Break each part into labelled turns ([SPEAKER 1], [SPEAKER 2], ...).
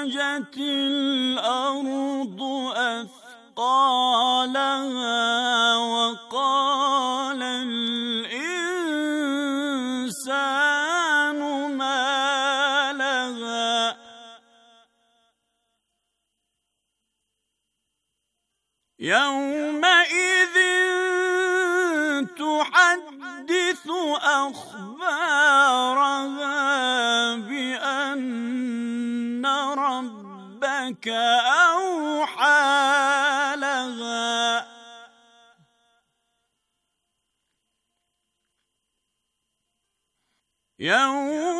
[SPEAKER 1] أخرجت الأرض أثقالها ربك أوحى لها يوم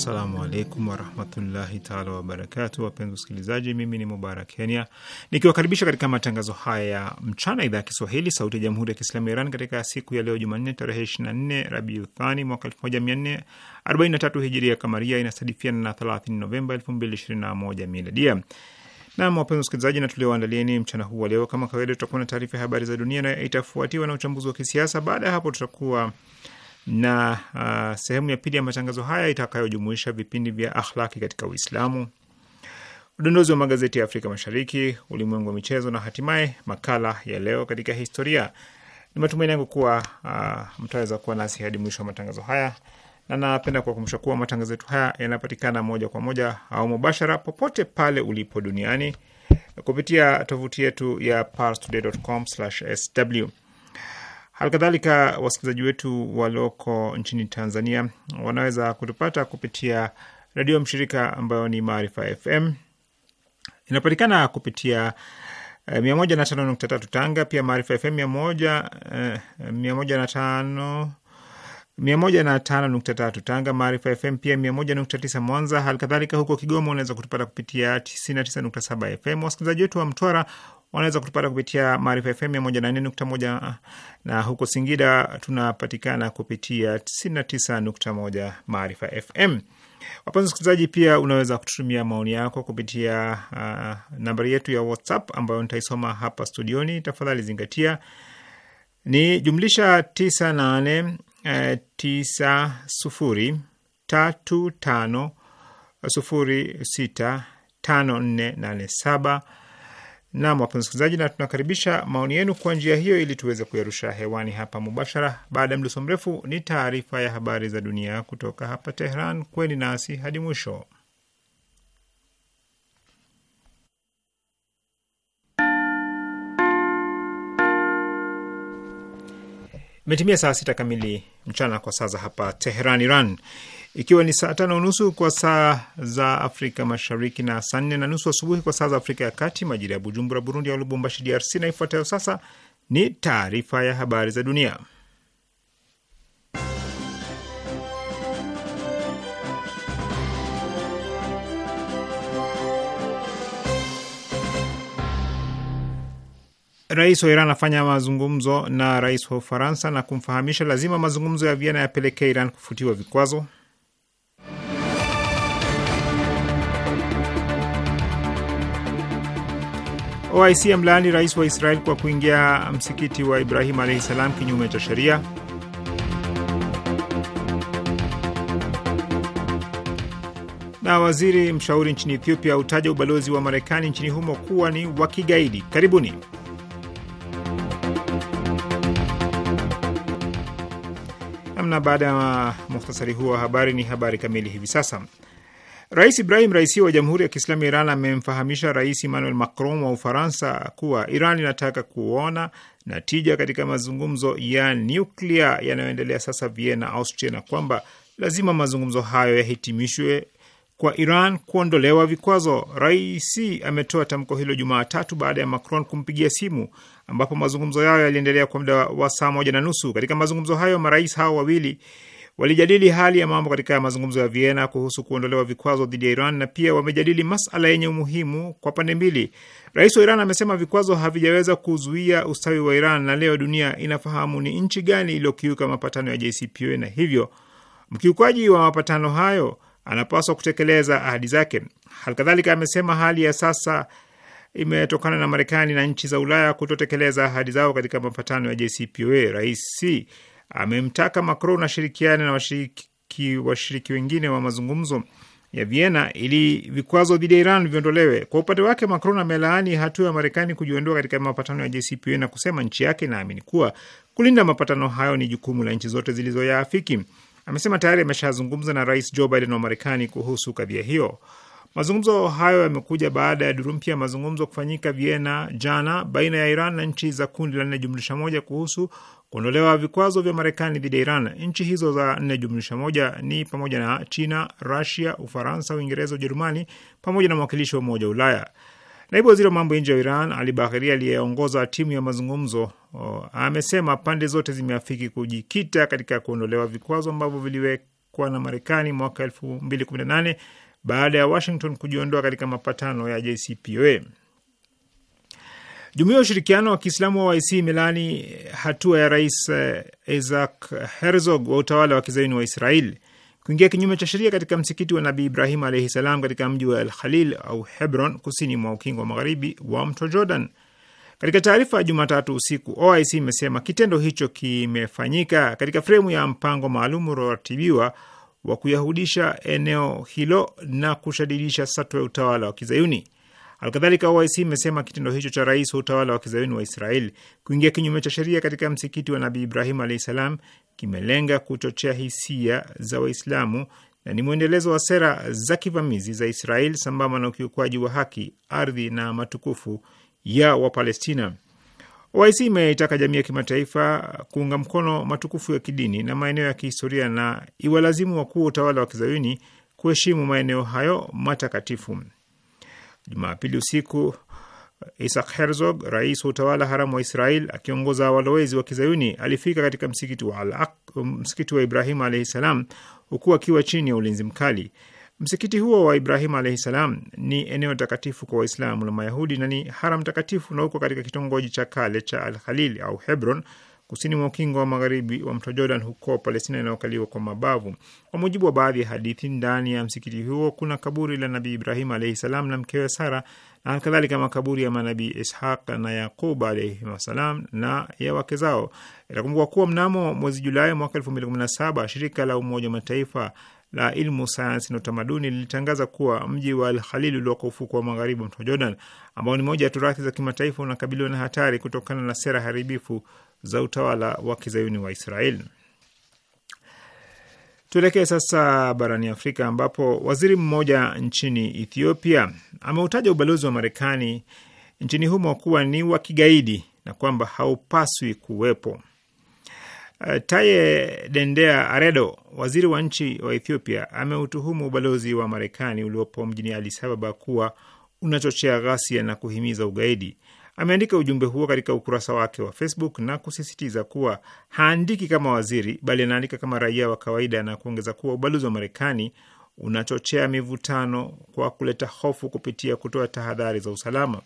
[SPEAKER 2] Assalamu alaikum warahmatullahi taala wabarakatu. Wapenzi wasikilizaji, mimi ni Mubarak Kenya nikiwakaribisha katika matangazo haya ya mchana, idhaa ya Kiswahili sauti ya jamhuri ya kiislamu ya Iran katika siku ya leo Jumanne tarehe 24 Rabiu Thani mwaka 1443 hijiria kamaria, inasadifiana na 30 Novemba 2021 miladia. Nam, wapenzi wasikilizaji, na tulioandalieni mchana huu wa leo, kama kawaida, tutakuwa na taarifa ya habari za dunia na itafuatiwa na uchambuzi wa kisiasa. Baada ya hapo, tutakuwa na uh, sehemu ya pili ya matangazo haya itakayojumuisha vipindi vya akhlaki katika Uislamu, udondozi wa magazeti ya Afrika Mashariki, ulimwengu wa michezo na hatimaye makala ya leo katika historia. Ni matumaini yangu kuwa uh, mtaweza kuwa nasi hadi mwisho wa matangazo haya, na napenda kuwakumbusha kuwa matangazo yetu haya yanapatikana moja kwa moja au mubashara popote pale ulipo duniani kupitia tovuti yetu ya parstoday.com/sw Halikadhalika, wasikilizaji wetu walioko nchini Tanzania wanaweza kutupata kupitia redio mshirika ambayo ni Maarifa FM, inapatikana kupitia eh, mia moja na tano nukta tatu Tanga, pia Maarifa FM mia moja eh, mia moja na tano mia moja na tano nukta tatu Tanga, Maarifa FM pia mia moja nukta tisa Mwanza. Halikadhalika huko Kigoma unaweza kutupata kupitia tisini na tisa nukta saba FM. Wasikilizaji wetu wa Mtwara wanaweza kutupata kupitia Maarifa FM mia moja na nne nukta moja uh, na huko Singida tunapatikana kupitia tisini na tisa nukta moja Maarifa FM. Wapenzi wasikilizaji, pia unaweza kututumia maoni yako kupitia uh, nambari yetu ya WhatsApp ambayo nitaisoma hapa studioni. Tafadhali zingatia, ni jumlisha tisa nane eh, tisa sufuri tatu tano sufuri sita tano nne nane saba Naam, wapenzi wasikilizaji, na tunakaribisha maoni yenu kwa njia hiyo ili tuweze kuyarusha hewani hapa mubashara. Baada ya mdoso mrefu, ni taarifa ya habari za dunia kutoka hapa Tehran. Kweni nasi hadi mwisho. Imetimia saa sita kamili mchana kwa saa za hapa Teheran, Iran ikiwa ni saa tano nusu kwa saa za Afrika Mashariki na saa nne na nusu asubuhi kwa saa za Afrika ya Kati, majira ya Bujumbura, Burundi, au Lubumbashi, DRC. Na ifuatayo sasa ni taarifa ya habari za dunia, Rais wa Iran afanya mazungumzo na rais wa Ufaransa na kumfahamisha lazima mazungumzo ya Viena yapelekea Iran kufutiwa vikwazo. OIC amlaani rais wa Israel kwa kuingia msikiti wa Ibrahim alahi salam kinyume cha sheria. Na waziri mshauri nchini Ethiopia autaja ubalozi wa Marekani nchini humo kuwa ni wa kigaidi. Karibuni. Namna baada ya muhtasari huo wa habari, ni habari kamili hivi sasa. Rais Ibrahim Raisi wa Jamhuri ya Kiislamu ya Iran amemfahamisha Rais Emmanuel Macron wa Ufaransa kuwa Iran inataka kuona natija katika mazungumzo ya nyuklia yanayoendelea sasa Vienna, Austria, na kwamba lazima mazungumzo hayo yahitimishwe kwa Iran kuondolewa vikwazo. Raisi ametoa tamko hilo Jumatatu baada ya Macron kumpigia simu, ambapo mazungumzo yao yaliendelea kwa muda wa saa moja na nusu. Katika mazungumzo hayo marais hao wawili walijadili hali ya mambo katika mazungumzo ya Vienna kuhusu kuondolewa vikwazo dhidi ya Iran na pia wamejadili masala yenye umuhimu kwa pande mbili. Rais wa Iran amesema vikwazo havijaweza kuzuia ustawi wa Iran na leo dunia inafahamu ni nchi gani iliyokiuka mapatano ya JCPOA na hivyo mkiukaji wa mapatano hayo anapaswa kutekeleza ahadi zake. Halikadhalika amesema hali ya sasa imetokana na Marekani na nchi za Ulaya kutotekeleza ahadi zao katika mapatano ya JCPOA. Rais amemtaka Macron ashirikiane na washiriki washiriki wengine wa mazungumzo ya Vienna ili vikwazo dhidi ya Iran viondolewe. Kwa upande wake, Macron amelaani hatua ya Marekani kujiondoa katika mapatano ya JCPOA na kusema nchi yake inaamini kuwa kulinda mapatano hayo ni jukumu la nchi zote zilizoyaafiki. Amesema tayari ameshazungumza na Rais Joe Biden wa Marekani kuhusu kadhia hiyo. Mazungumzo hayo yamekuja baada ya duru mpya ya mazungumzo kufanyika Vienna jana baina ya Iran na nchi za kundi la nne jumlisha moja kuhusu Kuondolewa vikwazo vya Marekani dhidi ya Iran, nchi hizo za nne jumlisha moja ni pamoja na China, Rusia, Ufaransa, Uingereza, Ujerumani pamoja na mwakilishi wa Umoja wa Ulaya. Naibu waziri wa mambo ya nje wa Iran Ali Bagheri aliyeongoza timu ya mazungumzo amesema pande zote zimeafiki kujikita katika kuondolewa vikwazo ambavyo viliwekwa na Marekani mwaka 2018 baada ya Washington kujiondoa katika mapatano ya JCPOA. Jumuiya ya ushirikiano wa Kiislamu wa OIC imelaani eh, hatua ya Rais eh, Isaac Herzog wa utawala wa kizaini wa Israel kuingia kinyume cha sheria katika msikiti wa Nabii Ibrahim alaihi salam katika mji wa El Khalil au Hebron, kusini mwa ukingo wa magharibi wa mto Jordan. Katika taarifa ya Jumatatu usiku, OIC imesema kitendo hicho kimefanyika katika fremu ya mpango maalum ulioratibiwa wa kuyahudisha eneo hilo na kushadidisha satwa ya utawala wa kizayuni. Alkadhalika, OIC imesema kitendo hicho cha rais wa utawala wa kizayuni wa Israel kuingia kinyume cha sheria katika msikiti wa Nabii Ibrahim alahi salam kimelenga kuchochea hisia za Waislamu na ni mwendelezo wa sera za kivamizi za Israel sambamba na ukiukwaji wa haki, ardhi na matukufu ya Wapalestina. OIC imeitaka jamii ya kimataifa kuunga mkono matukufu ya kidini na maeneo ya kihistoria na iwalazimu wakuu wa utawala wa kizayuni kuheshimu maeneo hayo matakatifu. Jumapili usiku Isaac Herzog, rais wa utawala haramu wa Israel, akiongoza walowezi wa kizayuni alifika katika msikiti wa al msikiti wa ibrahimu alaihi salam, huku akiwa chini ya ulinzi mkali. Msikiti huo wa ibrahimu alahi salam ni eneo takatifu kwa Waislamu na Mayahudi na ni haram takatifu na huko katika kitongoji cha kale cha Al-Khalil au Hebron kusini mwa ukingo wa magharibi wa mto Jordan huko Palestina inayokaliwa kwa mabavu. Kwa mujibu wa baadhi ya hadithi, ndani ya msikiti huo kuna kaburi la Nabii Ibrahim alaihi salam na mkewe Sara na halikadhalika makaburi ya manabii Ishaq na Yaqub alaihim salam na ya wake zao. Itakumbukwa kuwa mnamo mwezi Julai mwaka 2017 shirika la Umoja wa Mataifa la Ilmu, Sayansi na Utamaduni lilitangaza kuwa mji wa alhalil ulioko ufuko wa magharibi wa mto Jordan, ambao ni moja ya turathi za kimataifa, unakabiliwa na hatari kutokana na sera haribifu za utawala wa kizayuni wa Israel. Tuelekee sasa barani Afrika ambapo waziri mmoja nchini Ethiopia ameutaja ubalozi wa Marekani nchini humo kuwa ni wa kigaidi na kwamba haupaswi kuwepo. Eh, Taye Dendea Aredo, waziri wa nchi wa Ethiopia, ameutuhumu ubalozi wa Marekani uliopo mjini Addis Ababa kuwa unachochea ghasia na kuhimiza ugaidi. Ameandika ujumbe huo katika ukurasa wake wa Facebook na kusisitiza kuwa haandiki kama waziri, bali anaandika kama raia wa kawaida, na kuongeza kuwa ubalozi wa Marekani unachochea mivutano kwa kuleta hofu kupitia kutoa tahadhari za usalama.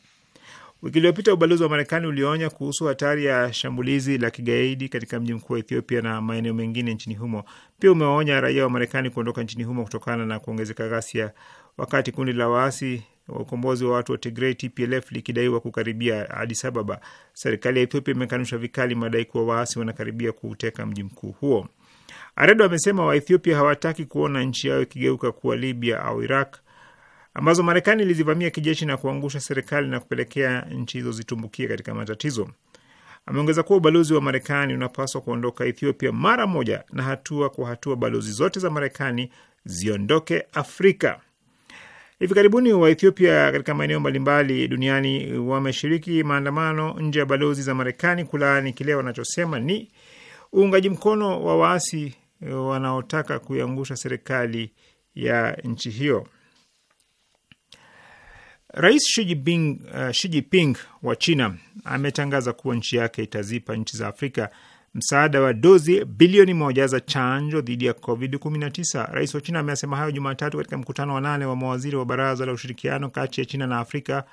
[SPEAKER 2] Wiki iliyopita ubalozi wa Marekani ulionya kuhusu hatari ya shambulizi la kigaidi katika mji mkuu wa Ethiopia na maeneo mengine nchini humo. Pia umewaonya raia wa Marekani kuondoka nchini humo kutokana na kuongezeka ghasia, wakati kundi la waasi wa ukombozi wa watu wa Tigrei TPLF likidaiwa kukaribia Addis Ababa. Serikali ya Ethiopia imekanusha vikali madai kuwa waasi wanakaribia kuuteka mji mkuu huo. Aredo amesema Waethiopia hawataki kuona nchi yao ikigeuka kuwa Libya au Iraq ambazo Marekani ilizivamia kijeshi na kuangusha serikali na kupelekea nchi hizo zitumbukie katika matatizo. Ameongeza kuwa ubalozi wa Marekani unapaswa kuondoka Ethiopia mara moja na hatua kwa hatua balozi zote za Marekani ziondoke Afrika. Hivi karibuni wa Ethiopia katika maeneo mbalimbali duniani wameshiriki maandamano nje ya balozi za Marekani kulaani kile wanachosema ni uungaji mkono wa waasi wanaotaka kuiangusha serikali ya nchi hiyo. Rais Xi Jinping, uh, Xi Jinping wa China ametangaza kuwa nchi yake itazipa nchi za Afrika msaada wa dozi bilioni moja za chanjo dhidi ya COVID-19. Rais wa China amesema hayo Jumatatu katika mkutano wa nane wa mawaziri wa Baraza la Ushirikiano kati ya China na Afrika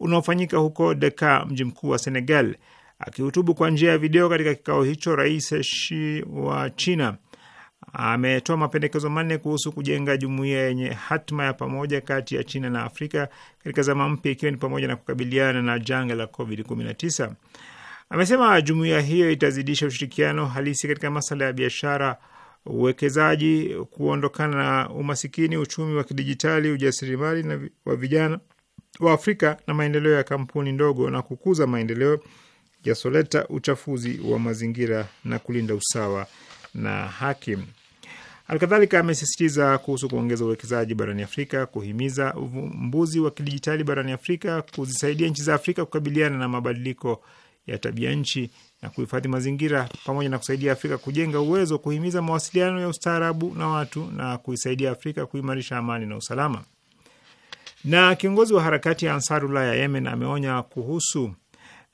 [SPEAKER 2] unaofanyika huko Dakar, mji mkuu wa Senegal. Akihutubu kwa njia ya video katika kikao hicho, Rais Xi wa China ametoa mapendekezo manne kuhusu kujenga jumuiya yenye hatma ya pamoja kati ya China na Afrika katika zama mpya, ikiwa ni pamoja na kukabiliana na janga la COVID-19. Amesema jumuiya hiyo itazidisha ushirikiano halisi katika masuala ya biashara, uwekezaji, kuondokana na umasikini, uchumi wa kidijitali, ujasiriamali wa vijana wa Afrika na maendeleo ya kampuni ndogo, na kukuza maendeleo yasoleta uchafuzi wa mazingira na kulinda usawa na haki. alkadhalika amesisitiza kuhusu kuongeza uwekezaji barani Afrika, kuhimiza uvumbuzi wa kidijitali barani Afrika, kuzisaidia nchi za Afrika kukabiliana na mabadiliko ya tabia nchi na kuhifadhi mazingira, pamoja na kusaidia Afrika kujenga uwezo, kuhimiza mawasiliano ya ustaarabu na watu na kuisaidia Afrika kuimarisha amani na usalama. Na kiongozi wa harakati ya Ansarullah ya Yemen ameonya kuhusu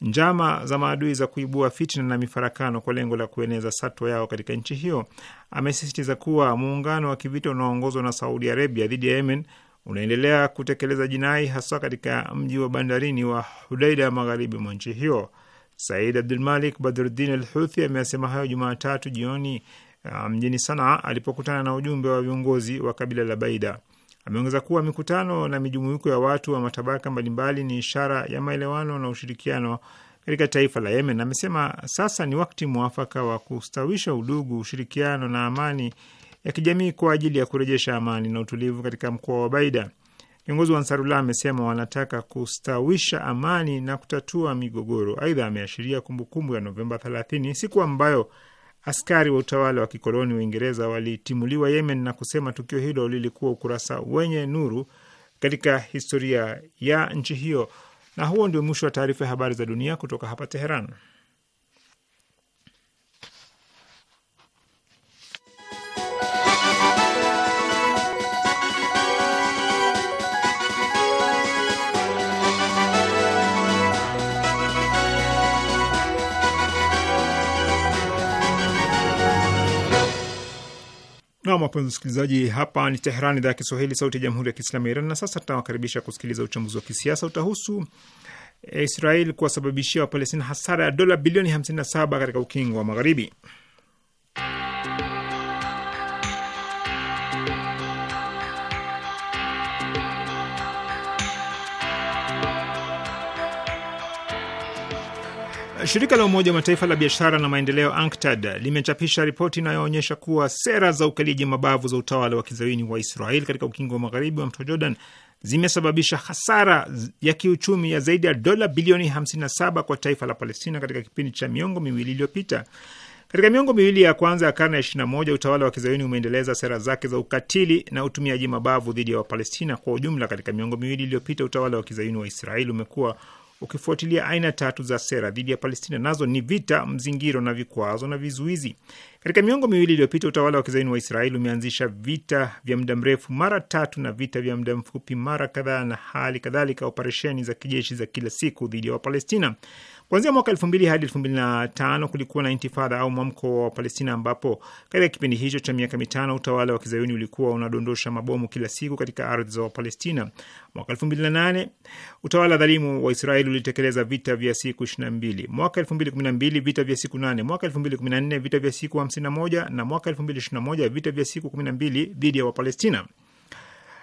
[SPEAKER 2] njama za maadui za kuibua fitna na mifarakano kwa lengo la kueneza satwa yao katika nchi hiyo. Amesisitiza kuwa muungano wa kivita unaoongozwa na Saudi Arabia dhidi ya Yemen unaendelea kutekeleza jinai haswa katika mji wa bandarini wa Hudaida magharibi mwa nchi hiyo. Said Abdulmalik Badruddin al Huthi ameasema hayo Jumatatu jioni uh, mjini um, Sanaa alipokutana na ujumbe wa viongozi wa kabila la Baida. Ameongeza kuwa mikutano na mijumuiko ya watu wa matabaka mbalimbali ni ishara ya maelewano na ushirikiano katika taifa la Yemen. Amesema sasa ni wakati mwafaka wa kustawisha udugu, ushirikiano na amani ya kijamii kwa ajili ya kurejesha amani na utulivu katika mkoa wa Baida. Kiongozi wa Ansarullah amesema wanataka kustawisha amani na kutatua migogoro. Aidha, ameashiria kumbukumbu ya Novemba 30, siku ambayo askari wa utawala wa kikoloni Uingereza walitimuliwa Yemen na kusema tukio hilo lilikuwa ukurasa wenye nuru katika historia ya nchi hiyo. Na huo ndio mwisho wa taarifa ya habari za dunia kutoka hapa Teheran. Nam, wapenzi msikilizaji, hapa ni Teheran, idhaa ya Kiswahili, sauti ya jamhuri ya kiislamu ya Iran. Na sasa tunawakaribisha kusikiliza uchambuzi wa kisiasa. Utahusu eh, Israel kuwasababishia Wapalestina hasara ya dola bilioni 57 katika ukingo wa Magharibi. Shirika la Umoja wa Mataifa la biashara na maendeleo ANKTAD limechapisha ripoti inayoonyesha kuwa sera za ukaliaji mabavu za utawala wa kizayuni wa Israeli katika ukingo wa magharibi wa mto Jordan zimesababisha hasara ya kiuchumi ya zaidi ya dola bilioni 57 kwa taifa la Palestina katika kipindi cha miongo miwili iliyopita. Katika miongo miwili ya kwanza ya karne ya 21 utawala wa kizayuni umeendeleza sera zake za ukatili na utumiaji mabavu dhidi ya Wapalestina kwa ujumla. Katika miongo miwili iliyopita utawala wa kizayuni wa Israeli umekuwa ukifuatilia aina tatu za sera dhidi ya Palestina, nazo ni vita, mzingiro na vikwazo na vizuizi. Katika miongo miwili iliyopita, utawala wa kizaini wa Israeli umeanzisha vita vya muda mrefu mara tatu na vita vya muda mfupi mara kadhaa, na hali kadhalika operesheni za kijeshi za kila siku dhidi ya Wapalestina. Kuanzia mwaka elfu mbili hadi elfu mbili na tano kulikuwa na intifadha au mwamko wa Palestina, ambapo katika kipindi hicho cha miaka mitano utawala wa kizayuni ulikuwa unadondosha mabomu kila siku katika ardhi za Wapalestina. Mwaka elfu mbili na nane utawala dhalimu wa Israeli ulitekeleza vita vya siku ishirini na mbili. Mwaka elfu mbili kumi na mbili vita vya siku nane. Mwaka elfu mbili kumi na nne vita vya siku hamsini na moja na mwaka elfu mbili ishirini na moja vita vya siku kumi na mbili dhidi ya Wapalestina.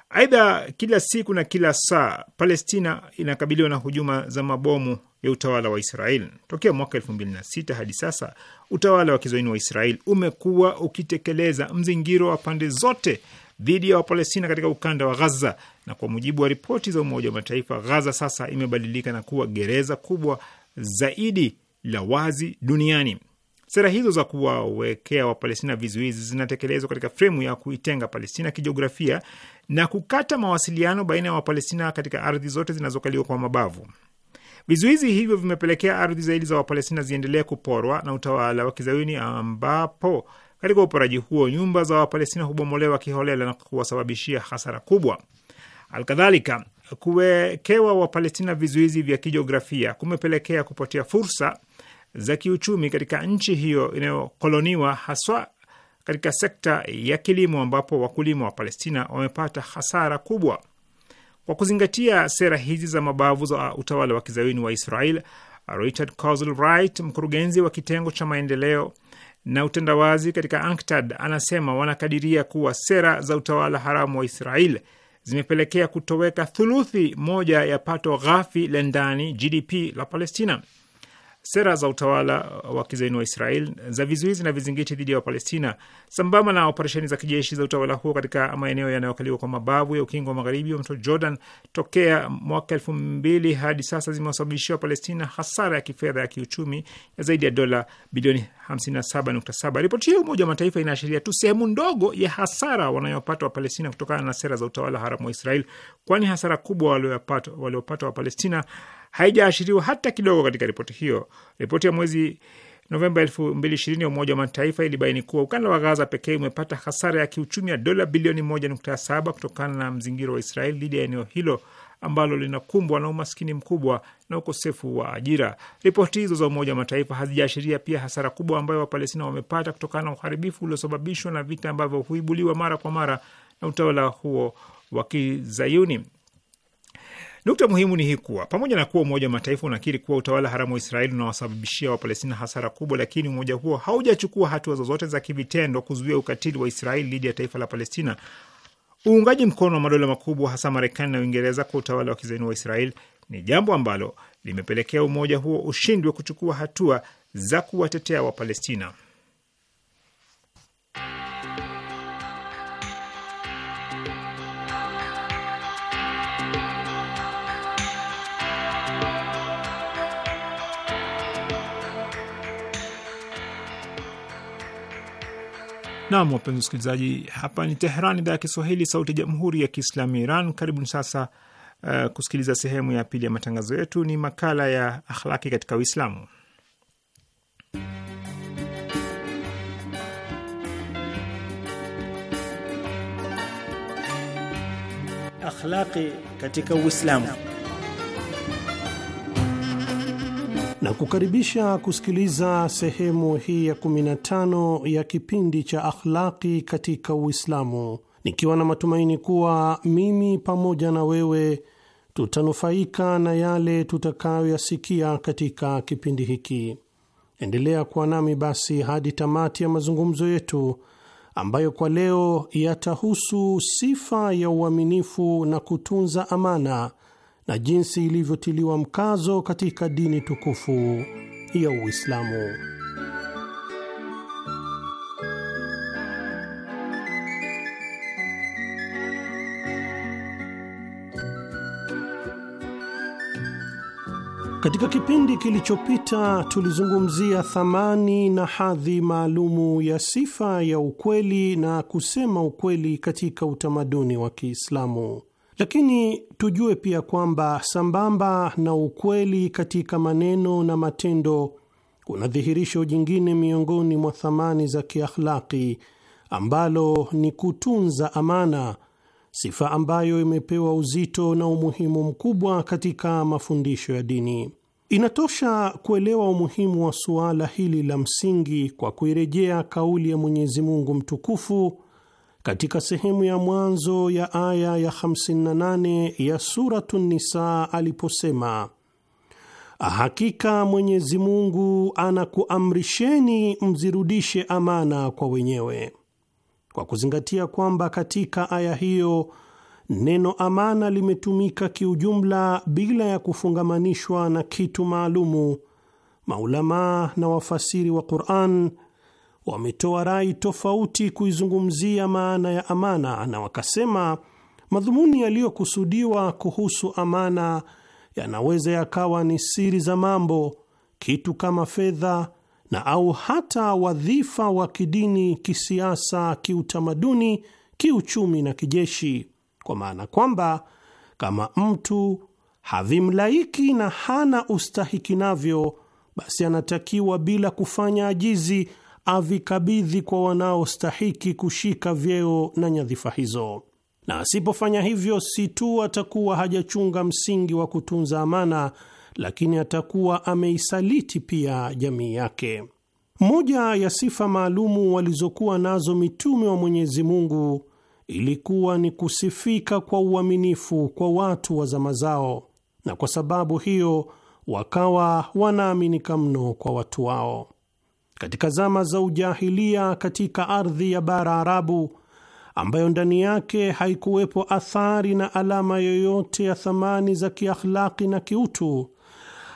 [SPEAKER 2] Aidha, kila siku na kila saa Palestina inakabiliwa na hujuma za mabomu ya utawala wa Israel. Tokea mwaka elfu mbili na sita hadi sasa utawala wa kizoini wa Israel umekuwa ukitekeleza mzingiro wa pande zote dhidi ya Wapalestina katika ukanda wa Ghaza, na kwa mujibu wa ripoti za Umoja wa Mataifa, Ghaza sasa imebadilika na kuwa gereza kubwa zaidi la wazi duniani. Sera hizo za kuwawekea Wapalestina vizuizi zinatekelezwa katika fremu ya kuitenga Palestina kijiografia na kukata mawasiliano baina ya Wapalestina katika ardhi zote zinazokaliwa kwa mabavu. Vizuizi hivyo vimepelekea ardhi zaidi za Wapalestina ziendelee kuporwa na utawala wa kizayuni ambapo katika uporaji huo nyumba za Wapalestina hubomolewa kiholela na kuwasababishia hasara kubwa. Alkadhalika, kuwekewa Wapalestina vizuizi vya kijiografia kumepelekea kupotea fursa za kiuchumi katika nchi hiyo inayokoloniwa, haswa katika sekta ya kilimo, ambapo wakulima wa Palestina wamepata hasara kubwa. Kwa kuzingatia sera hizi za mabavu za utawala wa kizawini wa Israel, Richard Cosell Wright, mkurugenzi wa kitengo cha maendeleo na utandawazi katika UNCTAD, anasema wanakadiria kuwa sera za utawala haramu wa Israel zimepelekea kutoweka thuluthi moja ya pato ghafi la ndani GDP la Palestina sera za utawala wa kizayuni wa Israel za vizuizi na vizingiti dhidi ya Wapalestina sambamba na operesheni za kijeshi za utawala huo katika maeneo yanayokaliwa kwa mabavu ya ukingo wa magharibi wa mto Jordan tokea mwaka elfu mbili hadi sasa zimewasababishia Wapalestina hasara ya kifedha ya kiuchumi ya zaidi ya dola bilioni 57.7. Ripoti hiyo ya Umoja wa Mataifa inaashiria tu sehemu ndogo ya hasara wanayopata Wapalestina kutokana na sera za utawala haramu wa Israel, kwani hasara kubwa waliopata Wapalestina haijaashiriwa hata kidogo katika ripoti hiyo. Ripoti ya mwezi Novemba 2020 ya Umoja wa Mataifa ilibaini kuwa ukanda wa Gaza pekee umepata hasara ya kiuchumi ya dola bilioni 1.7 kutokana na mzingiro wa Israeli dhidi ya eneo hilo ambalo linakumbwa na umaskini mkubwa na ukosefu wa ajira. Ripoti hizo za Umoja wa Mataifa hazijaashiria pia hasara kubwa ambayo Wapalestina wamepata kutokana na uharibifu uliosababishwa na vita ambavyo huibuliwa mara kwa mara na utawala huo wa Kizayuni. Nukta muhimu ni hii kuwa pamoja na kuwa Umoja wa Mataifa unakiri kuwa utawala haramu wa Israeli unawasababishia Wapalestina hasara kubwa, lakini umoja huo haujachukua hatua zozote za kivitendo kuzuia ukatili wa Israeli dhidi ya taifa la Palestina. Uungaji mkono wa madola makubwa, hasa Marekani na Uingereza, kwa utawala wa kizaini wa Israeli ni jambo ambalo limepelekea umoja huo ushindwe kuchukua hatua za kuwatetea Wapalestina. Nam, wapenzi wasikilizaji, hapa ni Teheran, idhaa ya Kiswahili, sauti ya jamhuri ya kiislamu ya Iran. Karibuni sasa uh, kusikiliza sehemu ya pili ya matangazo yetu. Ni makala ya akhlaki katika Uislamu.
[SPEAKER 3] Akhlaki katika Uislamu.
[SPEAKER 4] na kukaribisha kusikiliza sehemu hii ya 15 ya kipindi cha Akhlaqi katika Uislamu, nikiwa na matumaini kuwa mimi pamoja na wewe tutanufaika na yale tutakayoyasikia katika kipindi hiki. Endelea kuwa nami basi hadi tamati ya mazungumzo yetu ambayo kwa leo yatahusu sifa ya uaminifu na kutunza amana na jinsi ilivyotiliwa mkazo katika dini tukufu ya Uislamu. Katika kipindi kilichopita tulizungumzia thamani na hadhi maalumu ya sifa ya ukweli na kusema ukweli katika utamaduni wa Kiislamu. Lakini tujue pia kwamba sambamba na ukweli katika maneno na matendo, kuna dhihirisho jingine miongoni mwa thamani za kiakhlaki ambalo ni kutunza amana, sifa ambayo imepewa uzito na umuhimu mkubwa katika mafundisho ya dini. Inatosha kuelewa umuhimu wa suala hili la msingi kwa kuirejea kauli ya Mwenyezi Mungu mtukufu katika sehemu ya mwanzo ya aya ya 58 ya Suratu Nisa aliposema, hakika Mwenyezi Mungu anakuamrisheni mzirudishe amana kwa wenyewe, kwa kuzingatia kwamba katika aya hiyo neno amana limetumika kiujumla bila ya kufungamanishwa na kitu maalumu. Maulamaa na wafasiri wa Qur'an wametoa rai tofauti kuizungumzia maana ya amana, na wakasema madhumuni yaliyokusudiwa kuhusu amana yanaweza yakawa ni siri za mambo, kitu kama fedha na au hata wadhifa wa kidini, kisiasa, kiutamaduni, kiuchumi na kijeshi, kwa maana kwamba kama mtu havimlaiki na hana ustahiki navyo, basi anatakiwa bila kufanya ajizi avikabidhi kwa wanaostahiki kushika vyeo na nyadhifa hizo, na asipofanya hivyo, si tu atakuwa hajachunga msingi wa kutunza amana, lakini atakuwa ameisaliti pia jamii yake. Moja ya sifa maalumu walizokuwa nazo mitume wa Mwenyezi Mungu ilikuwa ni kusifika kwa uaminifu kwa watu wa zama zao, na kwa sababu hiyo wakawa wanaaminika mno kwa watu wao katika zama za ujahilia katika ardhi ya bara Arabu ambayo ndani yake haikuwepo athari na alama yoyote ya thamani za kiakhlaki na kiutu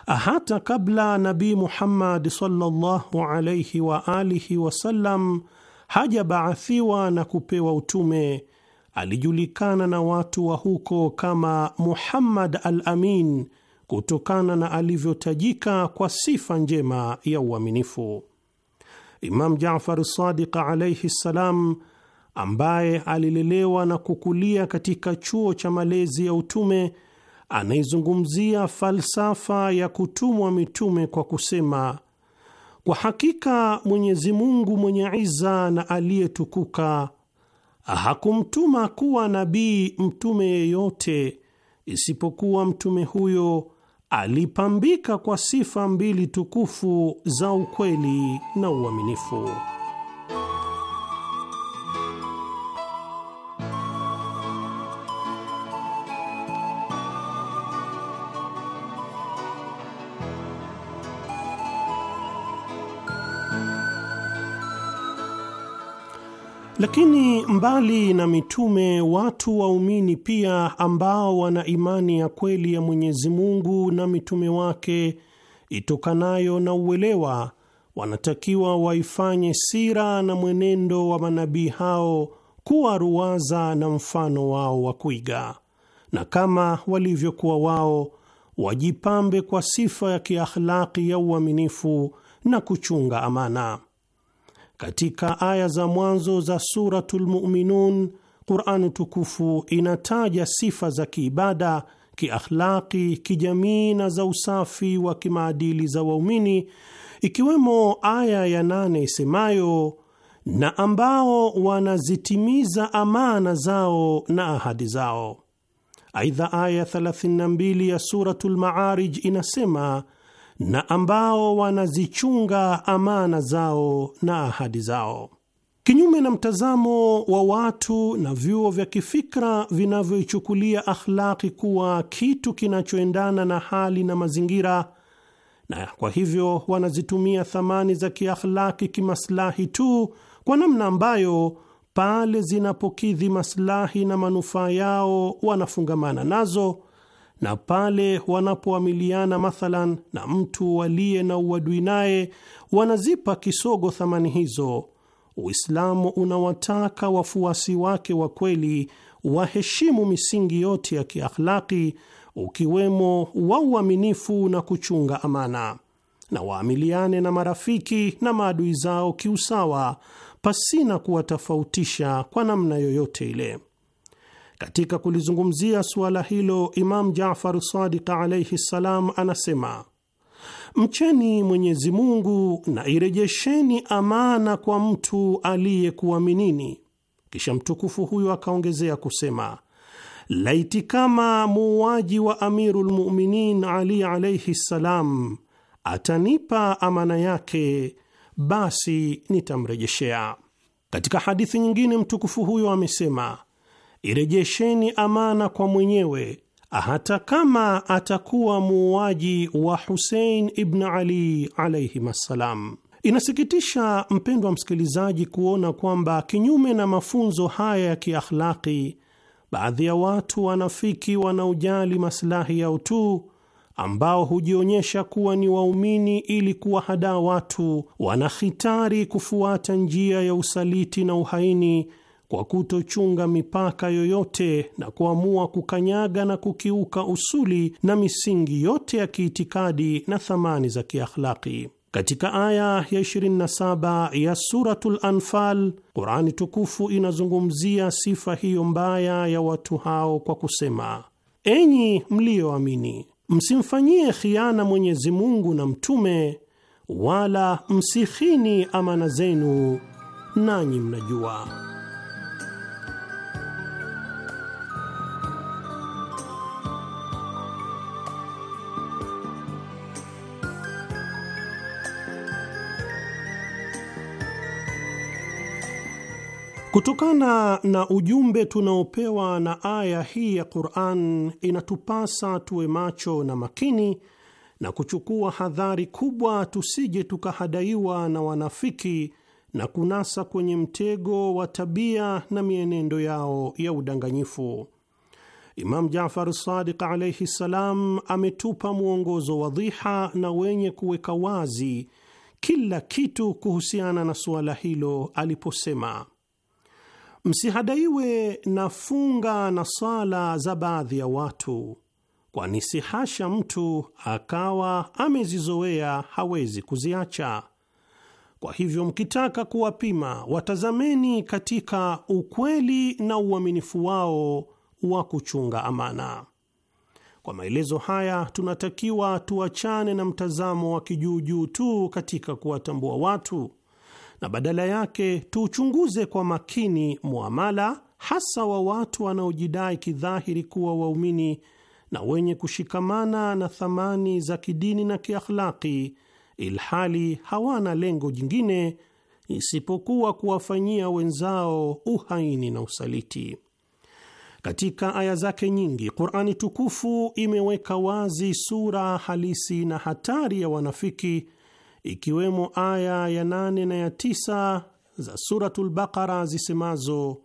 [SPEAKER 4] hata kabla nabi Muhammad sallallahu alayhi wa alihi wasallam hajabaathiwa na kupewa utume, alijulikana na watu wa huko kama Muhammad al-Amin kutokana na alivyotajika kwa sifa njema ya uaminifu. Imam Jafar Sadiq alaihi ssalam, ambaye alilelewa na kukulia katika chuo cha malezi ya utume, anaizungumzia falsafa ya kutumwa mitume kwa kusema, kwa hakika Mwenyezi Mungu mwenye iza na aliyetukuka hakumtuma kuwa nabii mtume yeyote isipokuwa mtume huyo alipambika kwa sifa mbili tukufu za ukweli na uaminifu. Lakini mbali na mitume, watu waumini pia ambao wana imani ya kweli ya Mwenyezi Mungu na mitume wake itokanayo na uelewa, wanatakiwa waifanye sira na mwenendo wa manabii hao kuwa ruwaza na mfano wao wa kuiga, na kama walivyokuwa wao wajipambe kwa sifa ya kiakhlaki ya uaminifu na kuchunga amana. Katika aya za mwanzo za Suratul Muminun, Qurani tukufu inataja sifa za kiibada, kiakhlaqi, kijamii na za usafi wa kimaadili za waumini, ikiwemo aya ya nane isemayo, na ambao wanazitimiza amana zao na ahadi zao. Aidha, aya 32 ya Suratul Maarij inasema na ambao wanazichunga amana zao na ahadi zao, kinyume na mtazamo wa watu na vyuo vya kifikra vinavyoichukulia akhlaki kuwa kitu kinachoendana na hali na mazingira, na kwa hivyo wanazitumia thamani za kiakhlaki kimaslahi tu kwa namna ambayo pale zinapokidhi maslahi na manufaa yao wanafungamana nazo na pale wanapoamiliana mathalan na mtu waliye na uadui naye, wanazipa kisogo thamani hizo. Uislamu unawataka wafuasi wake wa kweli waheshimu misingi yote ya kiakhlaki, ukiwemo wa uaminifu na kuchunga amana, na waamiliane na marafiki na maadui zao kiusawa, pasina kuwatofautisha kwa namna yoyote ile. Katika kulizungumzia suala hilo, Imam Jafar Sadiq alaihi ssalam anasema Mcheni Mwenyezi Mungu na irejesheni amana kwa mtu aliyekuaminini. Kisha mtukufu huyo akaongezea kusema, laiti kama muuaji wa amiru lmuminin Ali alaihi ssalam atanipa amana yake, basi nitamrejeshea. Katika hadithi nyingine mtukufu huyo amesema irejesheni amana kwa mwenyewe, hata kama atakuwa muuaji wa Husein ibn Ali alayhim assalam. Inasikitisha mpendwa msikilizaji, kuona kwamba kinyume na mafunzo haya ya kiakhlaki, baadhi ya watu wanafiki wanaojali masilahi yao tu, ambao hujionyesha kuwa ni waumini ili kuwahadaa watu, wanahitari kufuata njia ya usaliti na uhaini kwa kutochunga mipaka yoyote na kuamua kukanyaga na kukiuka usuli na misingi yote ya kiitikadi na thamani za kiakhlaki. Katika aya ya 27 ya Suratul Anfal, Qurani tukufu inazungumzia sifa hiyo mbaya ya watu hao kwa kusema: enyi mliyoamini, msimfanyie khiana Mwenyezi Mungu na mtume wala msihini amana zenu, nanyi mnajua Kutokana na ujumbe tunaopewa na aya hii ya Qur'an, inatupasa tuwe macho na makini na kuchukua hadhari kubwa, tusije tukahadaiwa na wanafiki na kunasa kwenye mtego wa tabia na mienendo yao ya udanganyifu. Imam Jafar Sadiq alaihi ssalam ametupa mwongozo wadhiha na wenye kuweka wazi kila kitu kuhusiana na suala hilo aliposema: Msihadaiwe na funga na sala za baadhi ya watu, kwani si hasha mtu akawa amezizowea hawezi kuziacha. Kwa hivyo mkitaka kuwapima, watazameni katika ukweli na uaminifu wao wa kuchunga amana. Kwa maelezo haya, tunatakiwa tuachane na mtazamo wa kijuujuu tu katika kuwatambua watu na badala yake tuuchunguze kwa makini muamala hasa wa watu wanaojidai kidhahiri kuwa waumini na wenye kushikamana na thamani za kidini na kiakhlaki, ilhali hawana lengo jingine isipokuwa kuwafanyia wenzao uhaini na usaliti. Katika aya zake nyingi, Qur'ani tukufu imeweka wazi sura halisi na hatari ya wanafiki ikiwemo aya ya nane na ya tisa za Suratul Baqara zisemazo,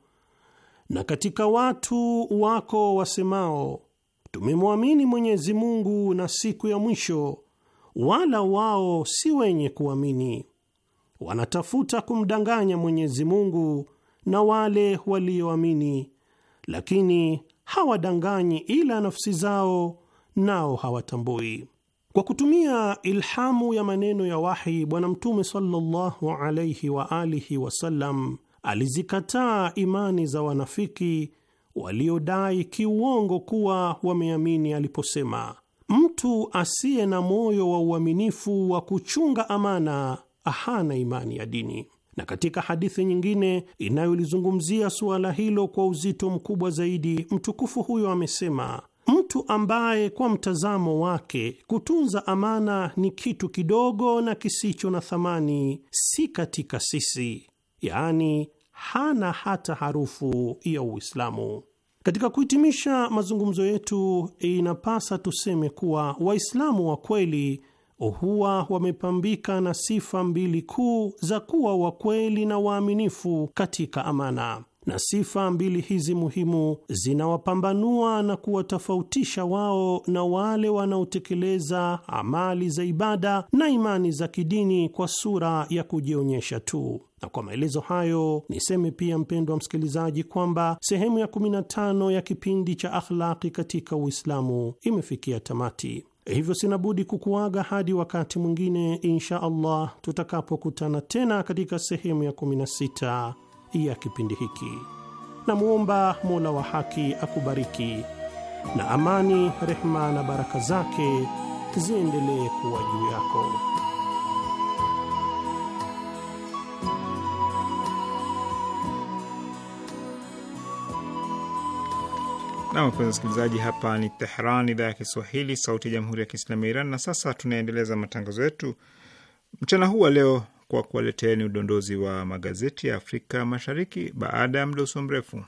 [SPEAKER 4] na katika watu wako wasemao tumemwamini Mwenyezi Mungu na siku ya mwisho, wala wao si wenye kuamini, wanatafuta kumdanganya Mwenyezi Mungu na wale walioamini, lakini hawadanganyi ila nafsi zao, nao hawatambui. Kwa kutumia ilhamu ya maneno ya wahi, Bwana Mtume sallallahu alaihi wa alihi wasallam alizikataa imani za wanafiki waliodai kiuongo kuwa wameamini aliposema, mtu asiye na moyo wa uaminifu wa kuchunga amana hana imani ya dini. Na katika hadithi nyingine inayolizungumzia suala hilo kwa uzito mkubwa zaidi, mtukufu huyo amesema mtu ambaye kwa mtazamo wake kutunza amana ni kitu kidogo na kisicho na thamani, si katika sisi, yaani hana hata harufu ya Uislamu. Katika kuhitimisha mazungumzo yetu, inapasa tuseme kuwa Waislamu wa kweli huwa wamepambika na sifa mbili kuu za kuwa wakweli na waaminifu katika amana na sifa mbili hizi muhimu zinawapambanua na kuwatofautisha wao na wale wanaotekeleza amali za ibada na imani za kidini kwa sura ya kujionyesha tu. Na kwa maelezo hayo niseme pia, mpendwa msikilizaji, kwamba sehemu ya 15 ya kipindi cha Akhlaqi katika Uislamu imefikia tamati. Hivyo sinabudi kukuaga hadi wakati mwingine insha Allah, tutakapokutana tena katika sehemu ya 16 ya kipindi hiki. Namwomba Mola wa haki akubariki na amani, rehma na baraka zake ziendelee kuwa juu yako.
[SPEAKER 2] Na wapenzi wasikilizaji, hapa ni Tehran, idhaa ya Kiswahili, sauti ya jamhuri ya kiislamu ya Iran. Na sasa tunaendeleza matangazo yetu mchana huu wa leo kwa kuwaleteni udondozi wa magazeti ya Afrika Mashariki baada ya mdoso mrefu.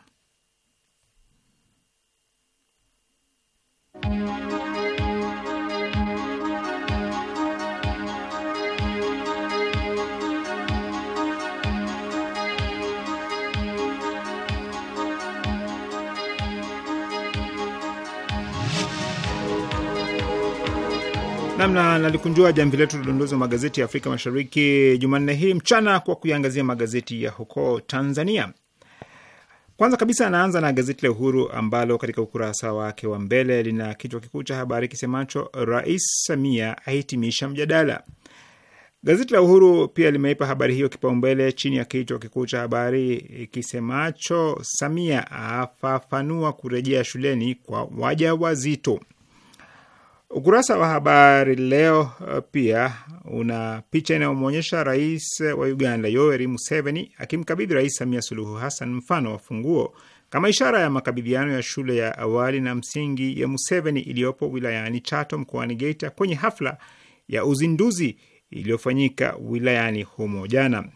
[SPEAKER 2] namna nalikunjua jamvi letu la udondozi wa magazeti ya Afrika Mashariki Jumanne hii mchana kwa kuiangazia magazeti ya huko Tanzania. Kwanza kabisa anaanza na gazeti la Uhuru ambalo katika ukurasa wake wa mbele lina kichwa kikuu cha habari kisemacho Rais Samia ahitimisha mjadala. Gazeti la Uhuru pia limeipa habari hiyo kipaumbele chini ya kichwa kikuu cha habari kisemacho Samia afafanua kurejea shuleni kwa waja wazito. Ukurasa wa habari leo uh, pia una picha inayomwonyesha rais uh, wa Uganda Yoweri Museveni akimkabidhi Rais Samia Suluhu Hassan mfano wa funguo kama ishara ya makabidhiano ya shule ya awali na msingi ya Museveni iliyopo wilayani Chato mkoani Geita kwenye hafla ya uzinduzi iliyofanyika wilayani humo jana.